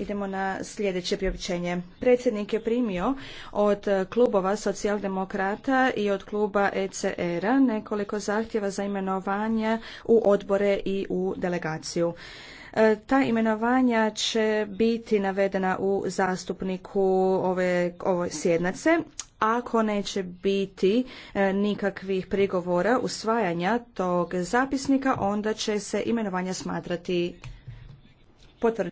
Idemo na sljedeće priopćenje. Predsjednik je primio od klubova socijaldemokrata i od kluba ECR-a nekoliko zahtjeva za imenovanje u odbore i u delegaciju. E, ta imenovanja će biti navedena u zastupniku ove, ove sjednice. Ako neće biti e, nikakvih prigovora usvajanja tog zapisnika, onda će se imenovanja smatrati potvrđenje.